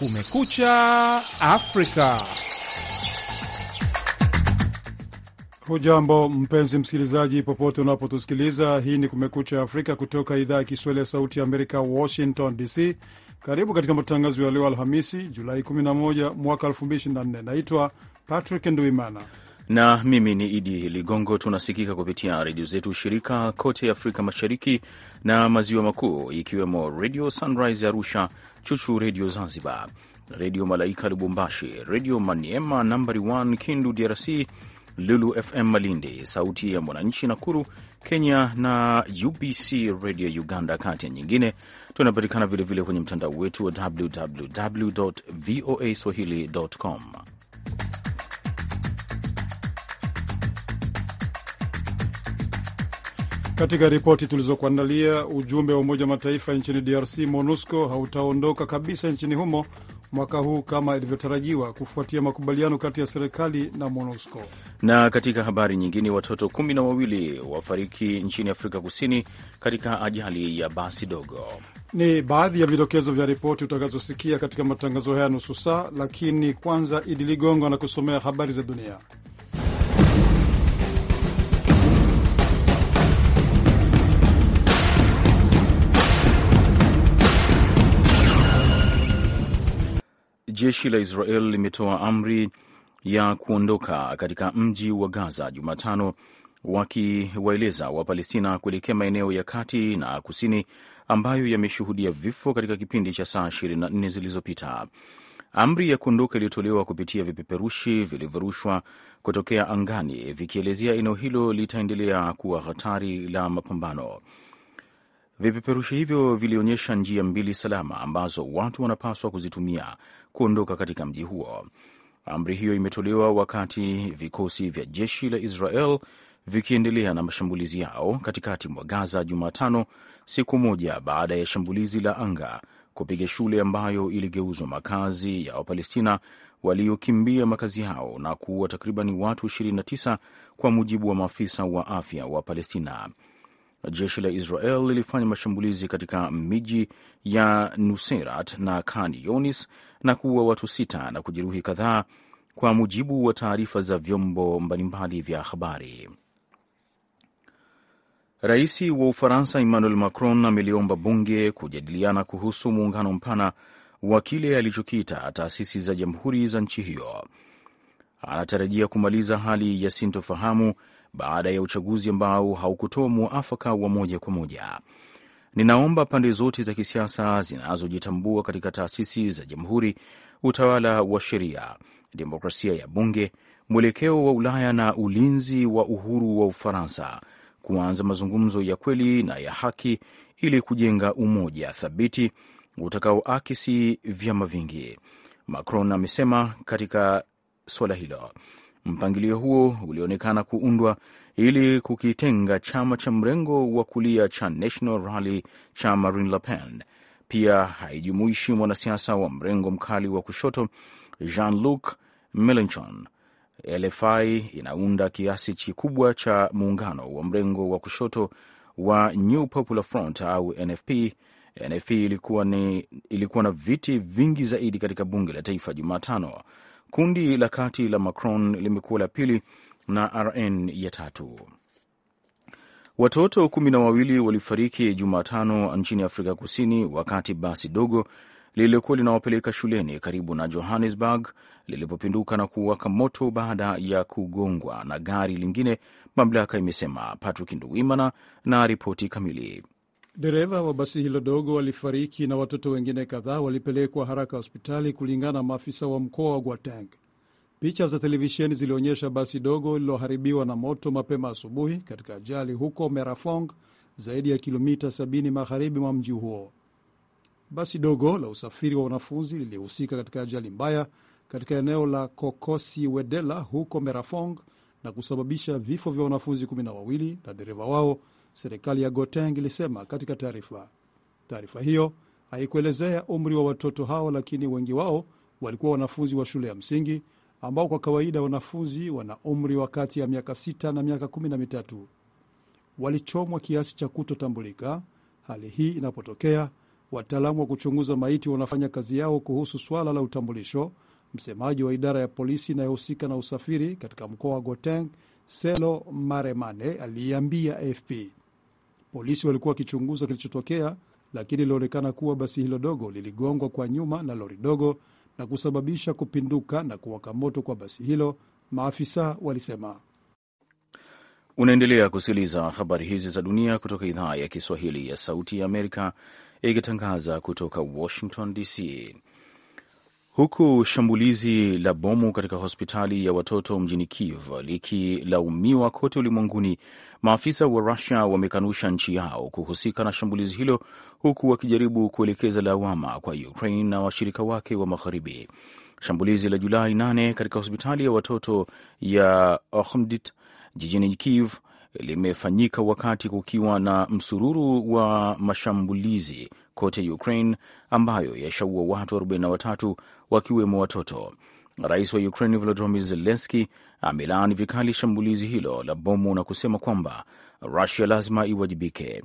Kumekucha Afrika. Hujambo mpenzi msikilizaji, popote unapotusikiliza. Hii ni Kumekucha Afrika kutoka idhaa ya Kiswahili ya Sauti ya Amerika, Washington DC. Karibu katika matangazo ya leo Alhamisi, Julai 11 mwaka 2024. Naitwa Patrick Nduimana na mimi ni Idi Ligongo. Tunasikika kupitia redio zetu shirika kote Afrika Mashariki na Maziwa Makuu, ikiwemo Redio Sunrise Arusha, Chuchu Redio Zanzibar, Redio Malaika Lubumbashi, Redio Maniema nambari 1 Kindu DRC, Lulu FM Malindi, Sauti ya Mwananchi Nakuru Kenya na UBC Redio Uganda, kati ya nyingine. Tunapatikana vilevile kwenye mtandao wetu wa www voa swahili.com. Katika ripoti tulizokuandalia, ujumbe wa Umoja wa Mataifa nchini DRC MONUSCO hautaondoka kabisa nchini humo mwaka huu kama ilivyotarajiwa kufuatia makubaliano kati ya serikali na MONUSCO. Na katika habari nyingine, watoto kumi na wawili wafariki nchini Afrika Kusini katika ajali ya basi dogo. Ni baadhi ya vidokezo vya ripoti utakazosikia katika matangazo haya nusu saa, lakini kwanza Idi Ligongo anakusomea habari za dunia. Jeshi la Israel limetoa amri ya kuondoka katika mji wa Gaza Jumatano, wakiwaeleza Wapalestina kuelekea maeneo ya kati na kusini ambayo yameshuhudia vifo katika kipindi cha saa 24 zilizopita. Amri ya kuondoka iliyotolewa kupitia vipeperushi vilivyorushwa kutokea angani vikielezea eneo hilo litaendelea kuwa hatari la mapambano. Vipeperushi hivyo vilionyesha njia mbili salama ambazo watu wanapaswa kuzitumia kuondoka katika mji huo. Amri hiyo imetolewa wakati vikosi vya jeshi la Israel vikiendelea na mashambulizi yao katikati mwa Gaza Jumatano, siku moja baada ya shambulizi la anga kupiga shule ambayo iligeuzwa makazi ya Wapalestina waliokimbia makazi yao na kuua takriban watu 29 kwa mujibu wa maafisa wa afya wa Palestina jeshi la Israel lilifanya mashambulizi katika miji ya Nuserat na Khan Yonis na kuua watu sita na kujeruhi kadhaa, kwa mujibu wa taarifa za vyombo mbalimbali vya habari. Rais wa Ufaransa Emmanuel Macron ameliomba bunge kujadiliana kuhusu muungano mpana wa kile alichokiita taasisi za jamhuri za nchi hiyo. Anatarajia kumaliza hali ya sintofahamu baada ya uchaguzi ambao haukutoa muafaka wa moja kwa moja. Ninaomba pande zote za kisiasa zinazojitambua katika taasisi za jamhuri, utawala wa sheria, demokrasia ya bunge, mwelekeo wa Ulaya na ulinzi wa uhuru wa Ufaransa kuanza mazungumzo ya kweli na ya haki ili kujenga umoja thabiti utakaoakisi vyama vingi, Macron amesema katika suala hilo. Mpangilio huo ulionekana kuundwa ili kukitenga chama cha mrengo wa kulia cha National Rally cha Marine Le Pen. Pia haijumuishi mwanasiasa wa mrengo mkali wa kushoto Jean-Luc Melenchon. LFI inaunda kiasi kikubwa cha muungano wa mrengo wa kushoto wa New Popular Front au NFP. NFP ilikuwa, ni, ilikuwa na viti vingi zaidi katika bunge la taifa Jumatano. Kundi la kati la Macron limekuwa la pili na RN ya tatu. Watoto kumi na wawili walifariki Jumatano nchini Afrika Kusini wakati basi dogo lililokuwa linawapeleka shuleni karibu na Johannesburg lilipopinduka na kuwaka moto baada ya kugongwa na gari lingine, mamlaka imesema. Patrick Nduwimana na ripoti kamili. Dereva wa basi hilo dogo alifariki na watoto wengine kadhaa walipelekwa haraka hospitali, kulingana na maafisa wa mkoa wa guateng Picha za televisheni zilionyesha basi dogo lililoharibiwa na moto mapema asubuhi katika ajali huko Merafong, zaidi ya kilomita 70 magharibi mwa mji huo. Basi dogo la usafiri wa wanafunzi lilihusika katika ajali mbaya katika eneo la Kokosi Wedela huko Merafong na kusababisha vifo vya wanafunzi 12 na dereva wao serikali ya Goteng ilisema katika taarifa. Taarifa hiyo haikuelezea umri wa watoto hao, lakini wengi wao walikuwa wanafunzi wa shule ya msingi ambao kwa kawaida wanafunzi wana umri wa kati ya miaka sita na miaka kumi na mitatu. Walichomwa kiasi cha kutotambulika. Hali hii inapotokea, wataalamu wa kuchunguza maiti wanafanya kazi yao kuhusu swala la utambulisho. Msemaji wa idara ya polisi inayohusika na usafiri katika mkoa wa Goteng, Selo Maremane, aliiambia AFP Polisi walikuwa wakichunguza kilichotokea, lakini ilionekana kuwa basi hilo dogo liligongwa kwa nyuma na lori dogo na kusababisha kupinduka na kuwaka moto kwa basi hilo, maafisa walisema. Unaendelea kusikiliza habari hizi za dunia kutoka idhaa ya Kiswahili ya Sauti ya Amerika, ikitangaza kutoka Washington DC huku shambulizi la bomu katika hospitali ya watoto mjini Kiev likilaumiwa kote ulimwenguni. Maafisa wa Rusia wamekanusha nchi yao kuhusika na shambulizi hilo, huku wakijaribu kuelekeza lawama kwa Ukraine na washirika wake wa Magharibi. Shambulizi la Julai 8 katika hospitali ya watoto ya Ohmdit jijini Kiev limefanyika wakati kukiwa na msururu wa mashambulizi kote Ukraine ambayo yashaua watu 43 wakiwemo watoto. Rais wa Ukraine Volodymyr Zelenski amelaani vikali shambulizi hilo la bomu na kusema kwamba Rusia lazima iwajibike.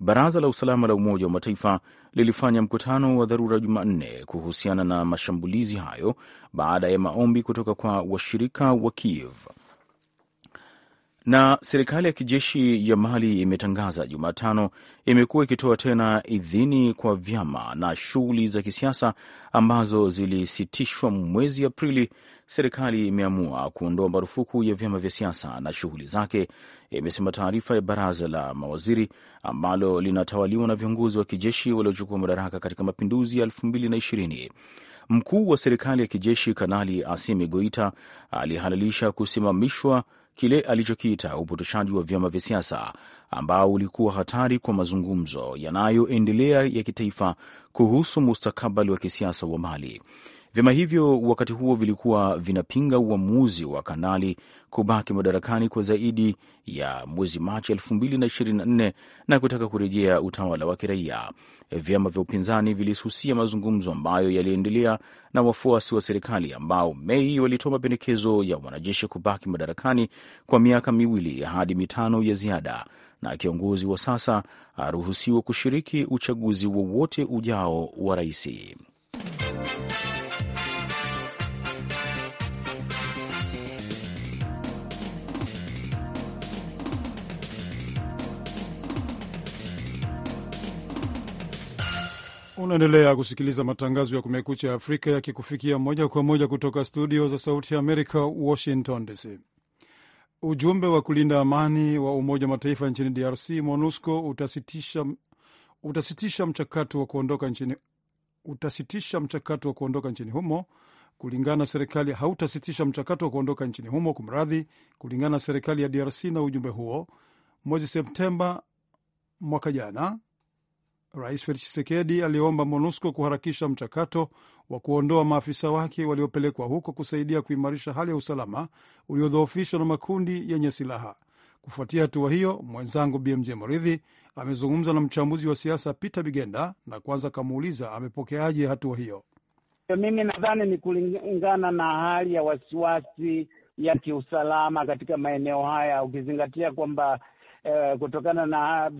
Baraza la usalama la Umoja wa Mataifa lilifanya mkutano wa dharura Jumanne kuhusiana na mashambulizi hayo baada ya maombi kutoka kwa washirika wa Kiev. Na serikali ya kijeshi ya Mali imetangaza Jumatano imekuwa ikitoa tena idhini kwa vyama na shughuli za kisiasa ambazo zilisitishwa mwezi Aprili. Serikali imeamua kuondoa marufuku ya vyama vya siasa na shughuli zake, imesema taarifa ya baraza la mawaziri ambalo linatawaliwa na viongozi wa kijeshi waliochukua madaraka katika mapinduzi ya na ishirini Mkuu wa serikali ya kijeshi Kanali Asimi Goita alihalalisha kusimamishwa kile alichokiita upotoshaji wa vyama vya siasa ambao ulikuwa hatari kwa mazungumzo yanayoendelea ya kitaifa kuhusu mustakabali wa kisiasa wa Mali. Vyama hivyo wakati huo vilikuwa vinapinga uamuzi wa kanali kubaki madarakani kwa zaidi ya mwezi Machi 2024 na kutaka kurejea utawala wa kiraia. Vyama vya upinzani vilisusia mazungumzo ambayo yaliendelea na wafuasi wa serikali ambao Mei walitoa mapendekezo ya wanajeshi kubaki madarakani kwa miaka miwili hadi mitano ya ziada, na kiongozi wa sasa aruhusiwa kushiriki uchaguzi wowote ujao wa raisi. Unaendelea kusikiliza matangazo ya Kumekucha Afrika yakikufikia moja kwa moja kutoka studio za Sauti ya Amerika, Washington DC. Ujumbe wa kulinda amani wa Umoja wa Mataifa nchini DRC, MONUSCO, utasitisha, utasitisha mchakato wa kuondoka nchini utasitisha mchakato wa kuondoka nchini humo kulingana na serikali hautasitisha mchakato wa kuondoka nchini humo kumradhi, kulingana na serikali ya DRC na ujumbe huo. Mwezi Septemba mwaka jana, Rais Felix Chisekedi aliomba MONUSCO kuharakisha mchakato wa kuondoa maafisa wake waliopelekwa huko kusaidia kuimarisha hali ya usalama uliodhoofishwa na makundi yenye silaha. Kufuatia hatua hiyo, mwenzangu BMJ Moridhi amezungumza na mchambuzi wa siasa Peter Bigenda na kwanza akamuuliza amepokeaje hatua hiyo. Mimi nadhani ni kulingana na hali ya wasiwasi ya kiusalama katika maeneo haya, ukizingatia kwamba eh, kutokana na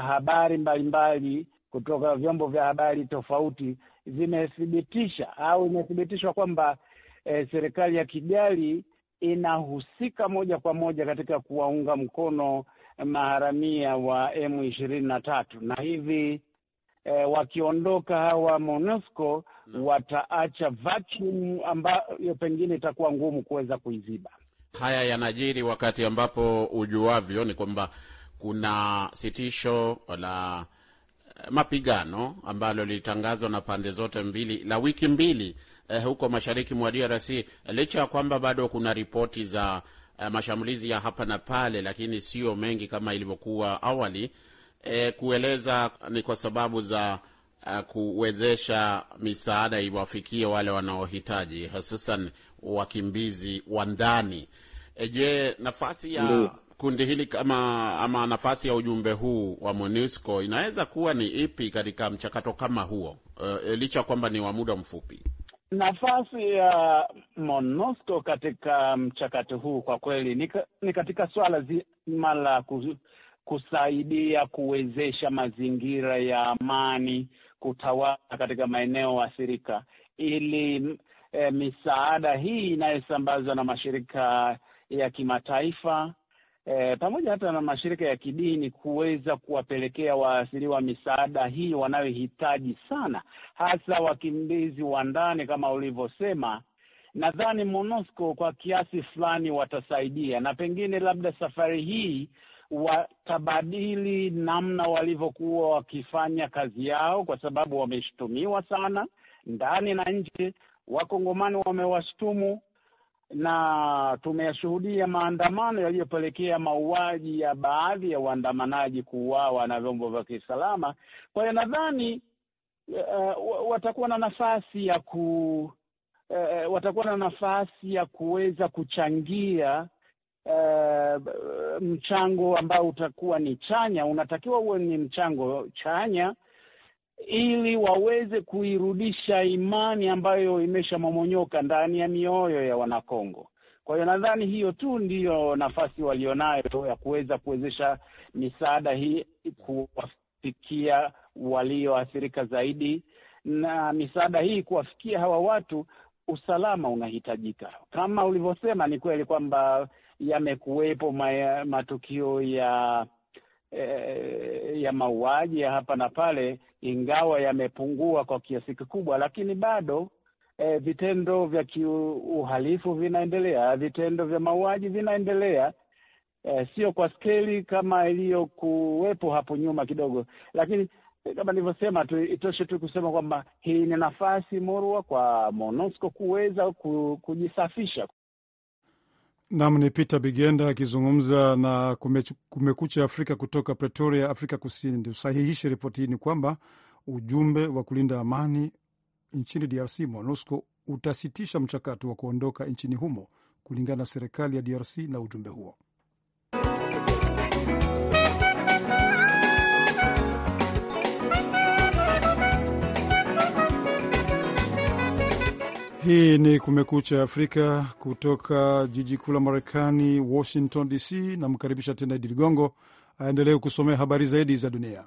habari mbalimbali kutoka vyombo vya habari tofauti zimethibitisha au imethibitishwa kwamba e, serikali ya Kigali inahusika moja kwa moja katika kuwaunga mkono maharamia wa M ishirini na tatu na hivi e, wakiondoka hawa MONUSCO mm. wataacha vacuum ambayo pengine itakuwa ngumu kuweza kuiziba. Haya yanajiri wakati ambapo ujuavyo ni kwamba kuna sitisho la mapigano ambalo lilitangazwa na pande zote mbili la wiki mbili eh, huko mashariki mwa DRC, licha ya kwamba bado kuna ripoti za eh, mashambulizi ya hapa na pale, lakini sio mengi kama ilivyokuwa awali. Eh, kueleza ni kwa sababu za eh, kuwezesha misaada iwafikie wale wanaohitaji hususan wakimbizi wa ndani. Eh, je, nafasi ya Mdee kundi hili ama, ama nafasi ya ujumbe huu wa MONUSCO inaweza kuwa ni ipi katika mchakato kama huo, uh, licha kwamba ni wa muda mfupi? Nafasi ya MONUSCO katika mchakato huu kwa kweli ni, ni katika swala zima la kusaidia kuwezesha mazingira ya amani kutawala katika maeneo athirika ili e, misaada hii inayosambazwa na mashirika ya kimataifa e, pamoja hata na mashirika ya kidini kuweza kuwapelekea waasiriwa misaada hii wanayohitaji sana, hasa wakimbizi wa ndani kama ulivyosema. Nadhani MONUSCO kwa kiasi fulani watasaidia, na pengine labda safari hii watabadili namna walivyokuwa wakifanya kazi yao, kwa sababu wameshutumiwa sana ndani na nje. Wakongomani wamewashtumu na tumeyashuhudia maandamano yaliyopelekea mauaji ya baadhi ya waandamanaji kuuawa na vyombo vya kiusalama. Kwa hiyo nadhani uh, watakuwa na nafasi ya ku uh, watakuwa na nafasi ya kuweza kuchangia uh, mchango ambao utakuwa ni chanya. Unatakiwa uwe ni mchango chanya ili waweze kuirudisha imani ambayo imeshamomonyoka ndani ya mioyo ya Wanakongo. Kwa hiyo nadhani hiyo tu ndiyo nafasi walionayo ya kuweza kuwezesha misaada hii kuwafikia walioathirika zaidi, na misaada hii kuwafikia hawa watu, usalama unahitajika. Kama ulivyosema, ni kweli kwamba yamekuwepo matukio ya eh, ya mauaji ya hapa na pale, ingawa yamepungua kwa kiasi kikubwa, lakini bado eh, vitendo vya kiuhalifu vinaendelea, vitendo vya mauaji vinaendelea. Eh, sio kwa skeli kama iliyokuwepo hapo nyuma kidogo, lakini eh, kama nilivyosema tu, itoshe tu kusema kwamba hii ni nafasi murwa kwa MONUSCO kuweza kujisafisha Nam ni Peter Bigenda akizungumza na Kumekucha Afrika kutoka Pretoria, Afrika Kusini. Ndiusahihishe ripoti hii ni kwamba ujumbe wa kulinda amani nchini DRC, MONUSCO, utasitisha mchakato wa kuondoka nchini humo kulingana na serikali ya DRC na ujumbe huo. Hii ni Kumekucha Afrika kutoka jiji kuu la Marekani, Washington DC. Namkaribisha tena Idi Ligongo aendelee kusomea habari zaidi za dunia.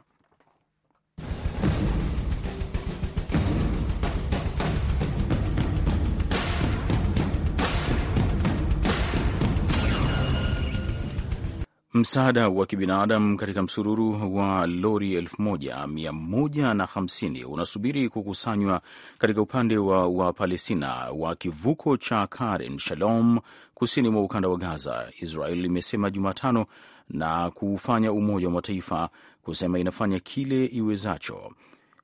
msaada wa kibinadamu katika msururu wa lori 1150 unasubiri kukusanywa katika upande wa Wapalestina wa kivuko cha Karen Shalom kusini mwa ukanda wa Gaza, Israel imesema Jumatano na kuufanya Umoja wa Mataifa kusema inafanya kile iwezacho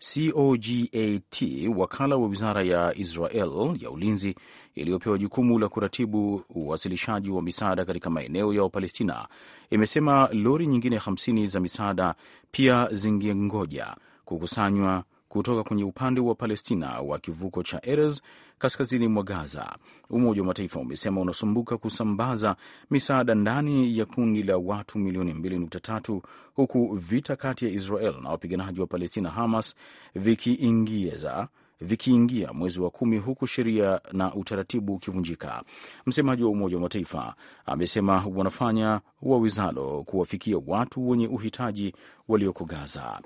COGAT, wakala wa wizara ya Israel ya ulinzi iliyopewa jukumu la kuratibu uwasilishaji wa misaada katika maeneo ya Wapalestina, imesema lori nyingine 50 za misaada pia zingengoja kukusanywa kutoka kwenye upande wa Palestina wa kivuko cha Erez kaskazini mwa Gaza. Umoja wa Mataifa umesema unasumbuka kusambaza misaada ndani ya kundi la watu milioni 2.3 huku vita kati ya Israel na wapiganaji wa Palestina Hamas vikiingiza vikiingia mwezi wa kumi huku sheria na utaratibu ukivunjika. Msemaji wa Umoja wa Mataifa amesema wanafanya wawezalo kuwafikia watu wenye uhitaji walioko Gaza.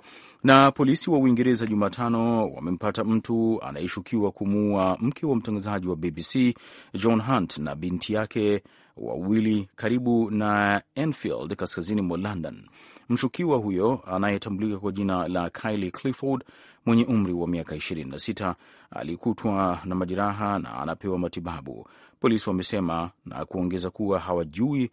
Na polisi wa Uingereza Jumatano wamempata mtu anayeshukiwa kumuua mke wa mtangazaji wa BBC John Hunt na binti yake wawili karibu na Enfield, kaskazini mwa London. Mshukiwa huyo anayetambulika kwa jina la Kylie Clifford mwenye umri wa miaka 26 alikutwa na majeraha na anapewa matibabu, polisi wamesema, na kuongeza kuwa hawajui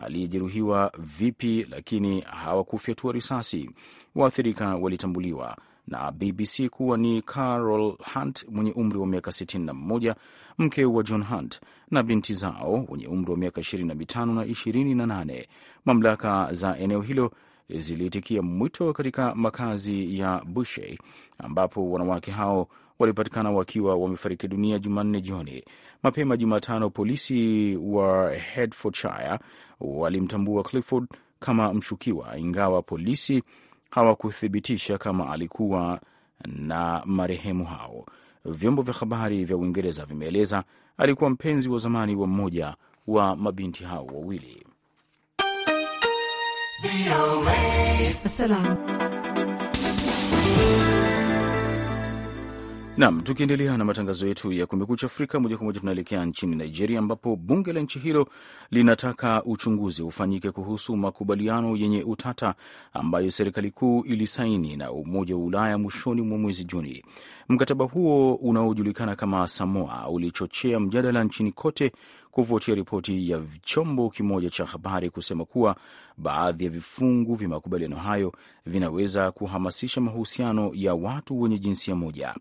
aliyejeruhiwa vipi, lakini hawakufyatua risasi. Waathirika walitambuliwa na BBC kuwa ni Carol Hunt mwenye umri wa miaka 61, mke wa John Hunt na binti zao wenye umri wa miaka 25 na 28. Mamlaka za eneo hilo ziliitikia mwito katika makazi ya Bushe ambapo wanawake hao walipatikana wakiwa wamefariki dunia Jumanne jioni. Mapema Jumatano, polisi wa Hertfordshire walimtambua Clifford kama mshukiwa, ingawa polisi hawakuthibitisha kama alikuwa na marehemu hao. Vyombo vya habari vya Uingereza vimeeleza alikuwa mpenzi wa zamani wa mmoja wa mabinti hao wawili. Salam. Nam, tukiendelea na matangazo yetu ya Kumekucha Afrika, moja kwa moja tunaelekea nchini Nigeria, ambapo bunge la nchi hilo linataka uchunguzi ufanyike kuhusu makubaliano yenye utata ambayo serikali kuu ilisaini na Umoja wa Ulaya mwishoni mwa mwezi Juni. Mkataba huo unaojulikana kama Samoa ulichochea mjadala nchini kote kufuatia ripoti ya chombo kimoja cha habari kusema kuwa baadhi ya vifungu vya makubaliano hayo vinaweza kuhamasisha mahusiano ya watu wenye jinsia moja.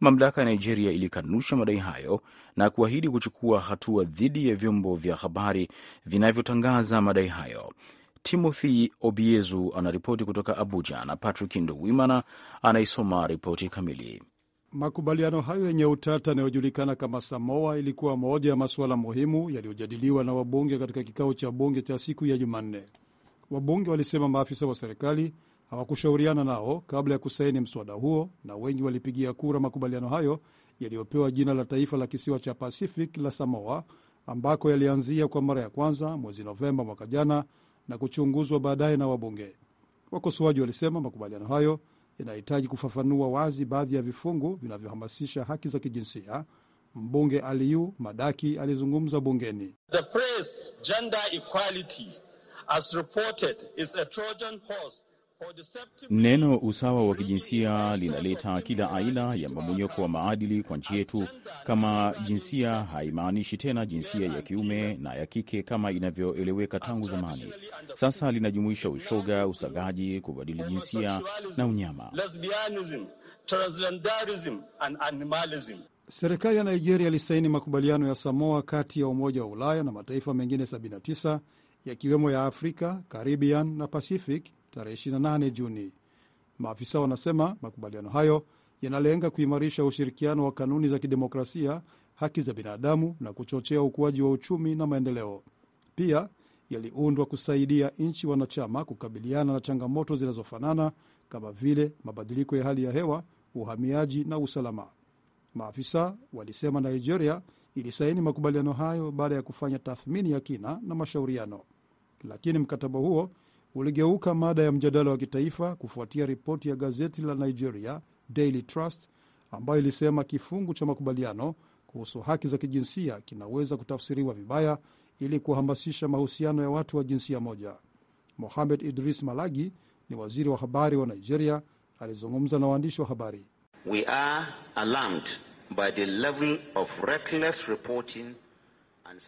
Mamlaka ya Nigeria ilikanusha madai hayo na kuahidi kuchukua hatua dhidi ya vyombo vya habari vinavyotangaza madai hayo. Timothy Obiezu anaripoti kutoka Abuja na Patrick Ndowimana anaisoma ripoti kamili. Makubaliano hayo yenye utata yanayojulikana kama Samoa ilikuwa moja ya masuala muhimu yaliyojadiliwa na wabunge katika kikao cha bunge cha siku ya Jumanne. Wabunge walisema maafisa wa serikali hawakushauriana nao kabla ya kusaini mswada huo, na wengi walipigia kura makubaliano hayo yaliyopewa jina la taifa la kisiwa cha Pacific la Samoa, ambako yalianzia kwa mara ya kwanza mwezi Novemba mwaka jana na kuchunguzwa baadaye na wabunge. Wakosoaji walisema makubaliano hayo inahitaji kufafanua wazi baadhi ya vifungu vinavyohamasisha haki za kijinsia. Mbunge Aliyu Madaki alizungumza bungeni. The phrase gender equality as reported is a Trojan horse Neno usawa wa kijinsia linaleta kila aina ya mamonyoko wa maadili kwa nchi yetu. Kama jinsia haimaanishi tena jinsia ya kiume na ya kike kama inavyoeleweka tangu zamani. Sasa linajumuisha ushoga, usagaji, kubadili jinsia na unyama. Serikali ya Nigeria ilisaini makubaliano ya Samoa kati ya Umoja wa Ulaya na mataifa mengine 79 yakiwemo ya Afrika, Caribbean na Pacific tarehe 28 Juni. Maafisa wanasema makubaliano hayo yanalenga kuimarisha ushirikiano wa kanuni za kidemokrasia, haki za binadamu na kuchochea ukuaji wa uchumi na maendeleo. Pia yaliundwa kusaidia nchi wanachama kukabiliana na changamoto zinazofanana kama vile mabadiliko ya hali ya hewa, uhamiaji na usalama. Maafisa walisema Nigeria ilisaini makubaliano hayo baada ya kufanya tathmini ya kina na mashauriano, lakini mkataba huo uligeuka mada ya mjadala wa kitaifa kufuatia ripoti ya gazeti la Nigeria Daily Trust ambayo ilisema kifungu cha makubaliano kuhusu haki za kijinsia kinaweza kutafsiriwa vibaya ili kuhamasisha mahusiano ya watu wa jinsia moja. Mohamed Idris Malagi ni waziri wa habari wa Nigeria, alizungumza na waandishi wa habari. We are alarmed by the level of reckless reporting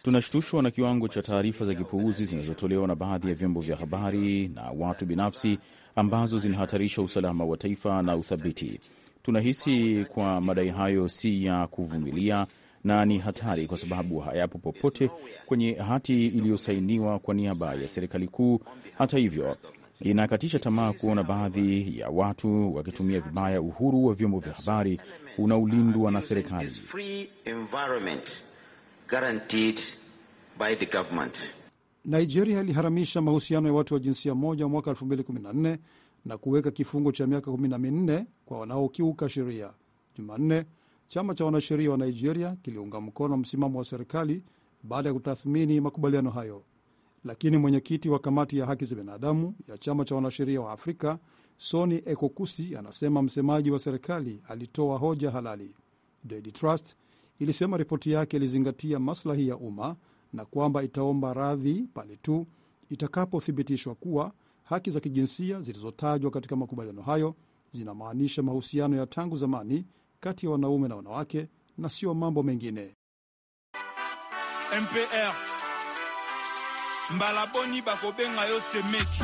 Tunashtushwa na kiwango cha taarifa za kipuuzi zinazotolewa na baadhi ya vyombo vya habari na watu binafsi ambazo zinahatarisha usalama wa taifa na uthabiti. Tunahisi kwa madai hayo si ya kuvumilia na ni hatari kwa sababu hayapo popote kwenye hati iliyosainiwa kwa niaba ya serikali kuu. Hata hivyo, inakatisha tamaa kuona baadhi ya watu wakitumia vibaya uhuru wa vyombo vya habari unaolindwa na serikali guaranteed by the government. Nigeria iliharamisha mahusiano ya watu wa jinsia moja mwaka 2014 na kuweka kifungo cha miaka 14 kwa wanaokiuka sheria. Jumanne, chama cha wanasheria wa Nigeria kiliunga mkono msimamo wa serikali baada ya kutathmini makubaliano hayo, lakini mwenyekiti wa kamati ya haki za binadamu ya chama cha wanasheria wa Afrika Soni Ekokusi anasema msemaji wa serikali alitoa hoja halali. Daily Trust ilisema ripoti yake ilizingatia maslahi ya umma na kwamba itaomba radhi pale tu itakapothibitishwa kuwa haki za kijinsia zilizotajwa katika makubaliano hayo zinamaanisha mahusiano ya tangu zamani kati ya wanaume na wanawake na sio mambo mengine. MPR Mbalaboni bakobenga yo semeki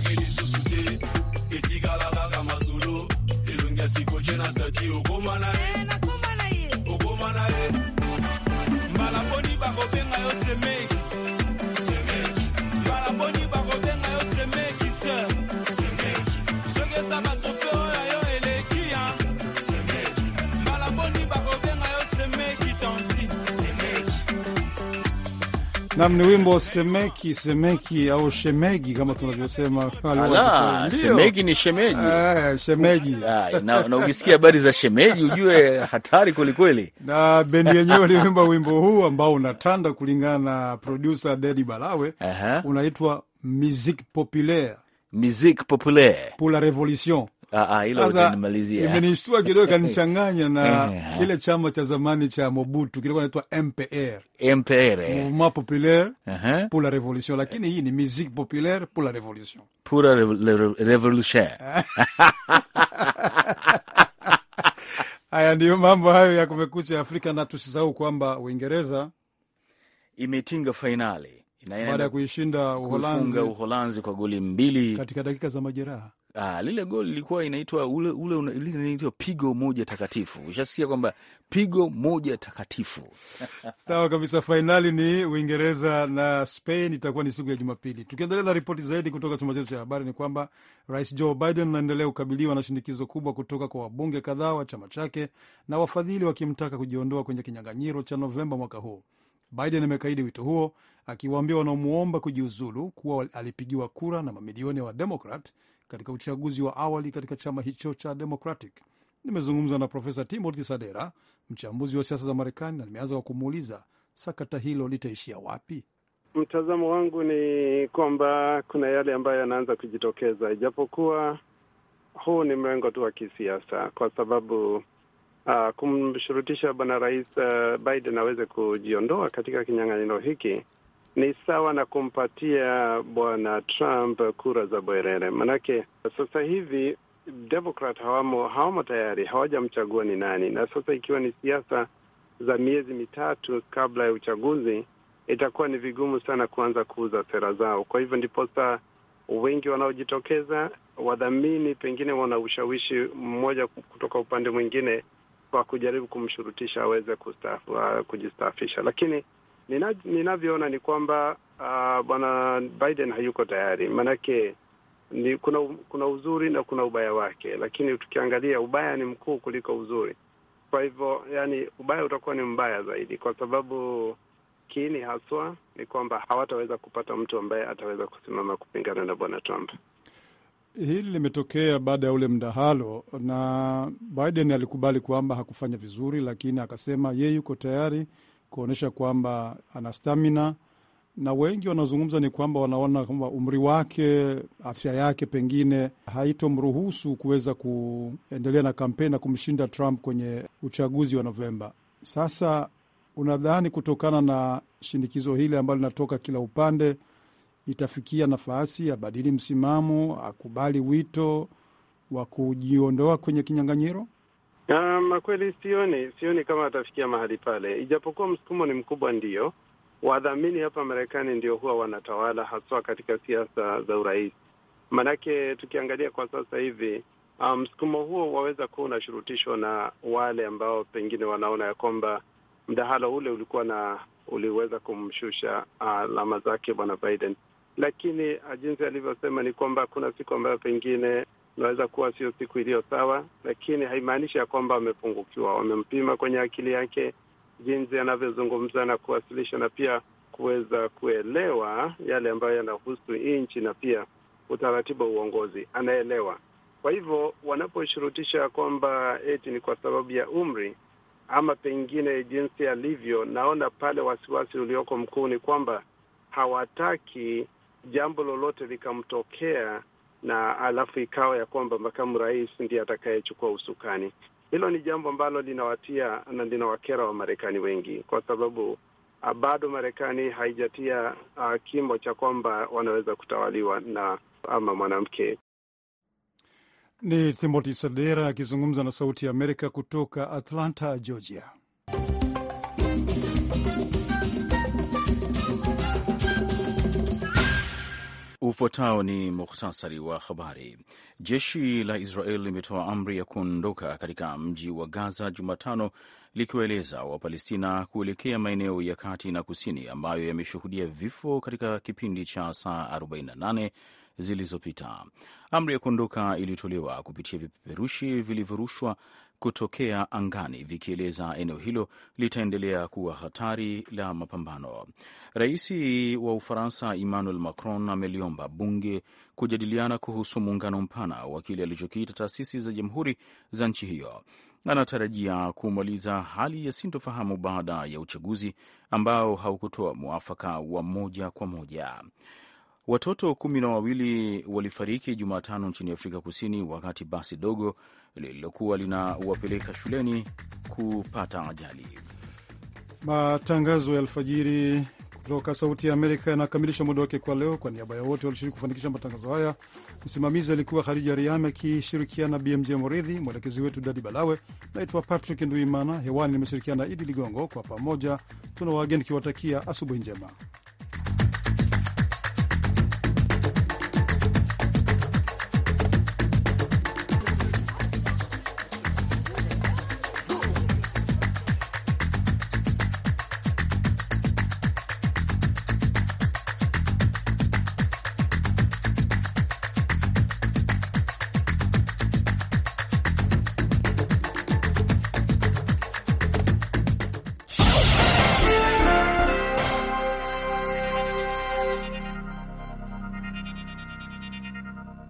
daquele susto que Nam ni wimbo semeki semeki au shemegi kama tunavyosema pale. Semegi ni shemeji. Eh, shemeji. na, na ukisikia habari za shemeji ujue hatari kwelikweli. Na bendi yenyewe iliimba wimbo huu ambao unatanda kulingana na producer Dedi Balawe. Unaitwa Musique Populaire. Musique Populaire. Pour la Revolution. Ah, ah, imenishtua kidogo, kanichanganya na eh, kile chama cha zamani cha Mobutu kilikuwa naitwa MPR, Mouvement Populaire uh-huh. pour la Revolution, lakini hii ni Musique Populaire pour la Revolution, pour la Revolution. Haya ndiyo mambo hayo ya Kumekucha Afrika, na tusisahau kwamba Uingereza imetinga fainali baada ya kuishinda Uholanzi kwa goli mbili katika dakika za majeraha. Ah, lile gol lilikuwa inaitwa ule ule lile inaitwa pigo moja takatifu. Ushasikia kwamba pigo moja takatifu. Sawa kabisa. Fainali ni Uingereza na Spain, itakuwa ni siku ya Jumapili. Tukiendelea na ripoti zaidi kutoka chumba chetu cha habari, ni kwamba Rais Joe Biden anaendelea kukabiliwa na shinikizo kubwa kutoka kwa wabunge kadhaa wa chama chake na wafadhili wakimtaka kujiondoa kwenye kinyang'anyiro cha Novemba mwaka huu. Biden amekaidi wito huo akiwaambia wanaomwomba kujiuzulu kuwa alipigiwa kura na mamilioni ya Wademokrat katika uchaguzi wa awali katika chama hicho cha Democratic. Nimezungumza na Profesa Timothy Sadera, mchambuzi wa siasa za Marekani, na nimeanza kwa kumuuliza sakata hilo litaishia wapi? Mtazamo wangu ni kwamba kuna yale ambayo yanaanza kujitokeza, ijapokuwa huu ni mrengo tu wa kisiasa, kwa sababu uh, kumshurutisha bwana rais uh, Biden aweze kujiondoa katika kinyang'anyiro hiki ni sawa na kumpatia bwana Trump kura za bwerere, manake sasa hivi Democrat hawamo, hawamo tayari, hawajamchagua ni nani. Na sasa ikiwa ni siasa za miezi mitatu kabla ya uchaguzi, itakuwa ni vigumu sana kuanza kuuza sera zao. Kwa hivyo ndiposa wengi wanaojitokeza, wadhamini pengine wana ushawishi mmoja kutoka upande mwingine kwa kujaribu kumshurutisha aweze kustafu, kujistaafisha, lakini Ninavyoona ni kwamba uh, bwana Biden hayuko tayari, maanake ni kuna kuna uzuri na kuna ubaya wake, lakini tukiangalia ubaya ni mkuu kuliko uzuri. Kwa hivyo, yani ubaya utakuwa ni mbaya zaidi, kwa sababu kiini haswa ni kwamba hawataweza kupata mtu ambaye ataweza kusimama kupingana na bwana Trump. Hili limetokea baada ya ule mdahalo, na Biden alikubali kwamba hakufanya vizuri, lakini akasema yeye yuko tayari kuonyesha kwamba ana stamina, na wengi wanazungumza ni kwamba wanaona kwamba umri wake, afya yake pengine haitomruhusu kuweza kuendelea na kampeni na kumshinda Trump kwenye uchaguzi wa Novemba. Sasa unadhani kutokana na shinikizo hili ambalo linatoka kila upande itafikia nafasi abadili msimamo, akubali wito wa kujiondoa kwenye kinyang'anyiro? Um, kweli sioni sioni kama atafikia mahali pale, ijapokuwa msukumo ni mkubwa, ndiyo wadhamini hapa Marekani ndio huwa wanatawala haswa katika siasa za urais. Maanake tukiangalia kwa sasa hivi ah, msukumo um, huo waweza kuwa unashurutishwa na wale ambao pengine wanaona ya kwamba mdahalo ule ulikuwa na uliweza kumshusha ah, alama uh, zake bwana Biden, lakini jinsi alivyosema ni kwamba kuna siku ambayo pengine inaweza kuwa sio siku iliyo sawa, lakini haimaanishi ya kwamba amepungukiwa. Wamempima kwenye akili yake, jinsi anavyozungumza na kuwasilisha, na pia kuweza kuelewa yale ambayo yanahusu nchi na pia utaratibu wa uongozi, anaelewa. Kwa hivyo wanaposhurutisha kwamba eti ni kwa sababu ya umri ama pengine jinsi alivyo, naona pale wasiwasi ulioko mkuu ni kwamba hawataki jambo lolote likamtokea na alafu ikawa ya kwamba makamu rais ndiye atakayechukua usukani. Hilo ni jambo ambalo linawatia na linawakera wa Marekani wengi kwa sababu ah, bado Marekani haijatia uh, kimo cha kwamba wanaweza kutawaliwa na ama mwanamke. Ni Timothy Sadera akizungumza na Sauti ya Amerika kutoka Atlanta, Georgia. Ufuatao ni muhtasari wa habari. Jeshi la Israel limetoa amri ya kuondoka katika mji wa Gaza Jumatano, likiwaeleza Wapalestina kuelekea maeneo ya kati na kusini ambayo yameshuhudia vifo katika kipindi cha saa 48 zilizopita. Amri ya kuondoka ilitolewa kupitia vipeperushi vilivyorushwa kutokea angani vikieleza eneo hilo litaendelea kuwa hatari la mapambano. Rais wa Ufaransa Emmanuel Macron ameliomba bunge kujadiliana kuhusu muungano mpana wa kile alichokiita taasisi za jamhuri za nchi hiyo. Anatarajia kumaliza hali ya sintofahamu baada ya uchaguzi ambao haukutoa mwafaka wa moja kwa moja. Watoto kumi na wawili walifariki Jumatano nchini Afrika Kusini wakati basi dogo lililokuwa linawapeleka shuleni kupata ajali. Matangazo ya alfajiri kutoka Sauti ya Amerika yanakamilisha muda wake kwa leo. Kwa niaba ya wote walishiriki kufanikisha matangazo haya, msimamizi alikuwa Khadija Riame akishirikiana BMJ Moridhi, mwelekezi wetu Dadi Balawe. Naitwa Patrick Nduimana, hewani nimeshirikiana Idi Ligongo. Kwa pamoja tuna wageni kiwatakia asubuhi njema.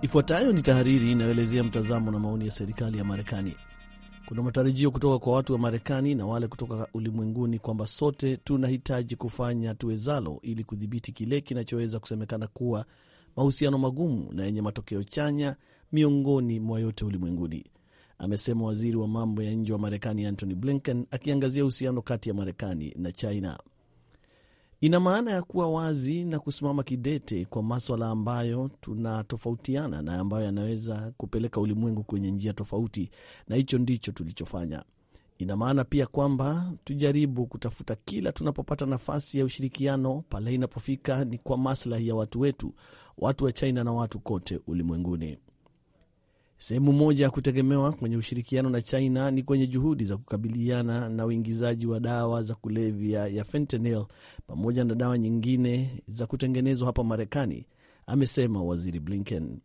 Ifuatayo ni tahariri inayoelezea mtazamo na maoni ya serikali ya Marekani. Kuna matarajio kutoka kwa watu wa Marekani na wale kutoka ulimwenguni kwamba sote tunahitaji kufanya tuwezalo ili kudhibiti kile kinachoweza kusemekana kuwa mahusiano magumu na yenye matokeo chanya miongoni mwa yote ulimwenguni, amesema waziri wa mambo ya nje wa Marekani Antony Blinken akiangazia uhusiano kati ya Marekani na China ina maana ya kuwa wazi na kusimama kidete kwa maswala ambayo tunatofautiana na ambayo yanaweza kupeleka ulimwengu kwenye njia tofauti, na hicho ndicho tulichofanya. Ina maana pia kwamba tujaribu kutafuta kila tunapopata nafasi ya ushirikiano, pale inapofika ni kwa maslahi ya watu wetu, watu wa China na watu kote ulimwenguni. Sehemu moja ya kutegemewa kwenye ushirikiano na China ni kwenye juhudi za kukabiliana na uingizaji wa dawa za kulevya ya fentanyl pamoja na dawa nyingine za kutengenezwa hapa Marekani, amesema Waziri Blinken.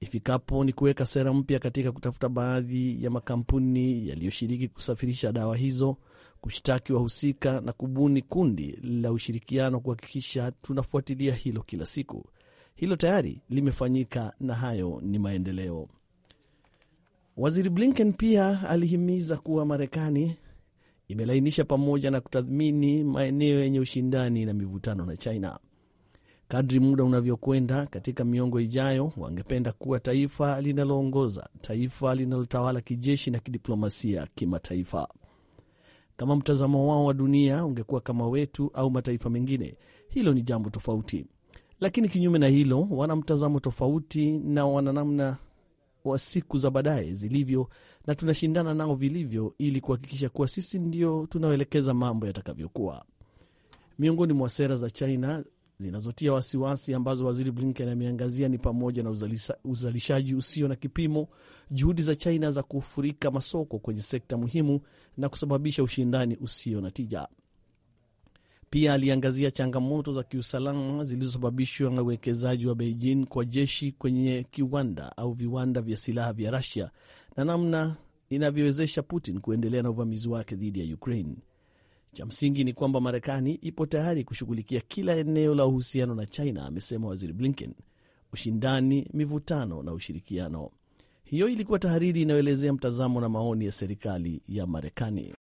Ifikapo ni kuweka sera mpya katika kutafuta baadhi ya makampuni yaliyoshiriki kusafirisha dawa hizo, kushtaki wahusika na kubuni kundi la ushirikiano kuhakikisha tunafuatilia hilo kila siku, hilo tayari limefanyika na hayo ni maendeleo. Waziri Blinken pia alihimiza kuwa Marekani imelainisha pamoja na kutathmini maeneo yenye ushindani na mivutano na China. Kadri muda unavyokwenda katika miongo ijayo, wangependa kuwa taifa linaloongoza, taifa linalotawala kijeshi na kidiplomasia kimataifa. Kama mtazamo wao wa dunia ungekuwa kama wetu au mataifa mengine, hilo ni jambo tofauti. Lakini kinyume na hilo, wana mtazamo tofauti na wana namna wa siku za baadaye zilivyo, na tunashindana nao vilivyo ili kuhakikisha kuwa sisi ndio tunaoelekeza mambo yatakavyokuwa. Miongoni mwa sera za China zinazotia wasiwasi ambazo Waziri Blinken ameangazia ni pamoja na uzalishaji usio na kipimo, juhudi za China za kufurika masoko kwenye sekta muhimu na kusababisha ushindani usio na tija. Pia aliangazia changamoto za kiusalama zilizosababishwa na uwekezaji wa Beijing kwa jeshi kwenye kiwanda au viwanda vya silaha vya rasia na namna inavyowezesha Putin kuendelea na uvamizi wake dhidi ya Ukraine. Cha msingi ni kwamba Marekani ipo tayari kushughulikia kila eneo la uhusiano na China, amesema Waziri Blinken. Ushindani, mivutano na ushirikiano. Hiyo ilikuwa tahariri inayoelezea mtazamo na maoni ya serikali ya Marekani.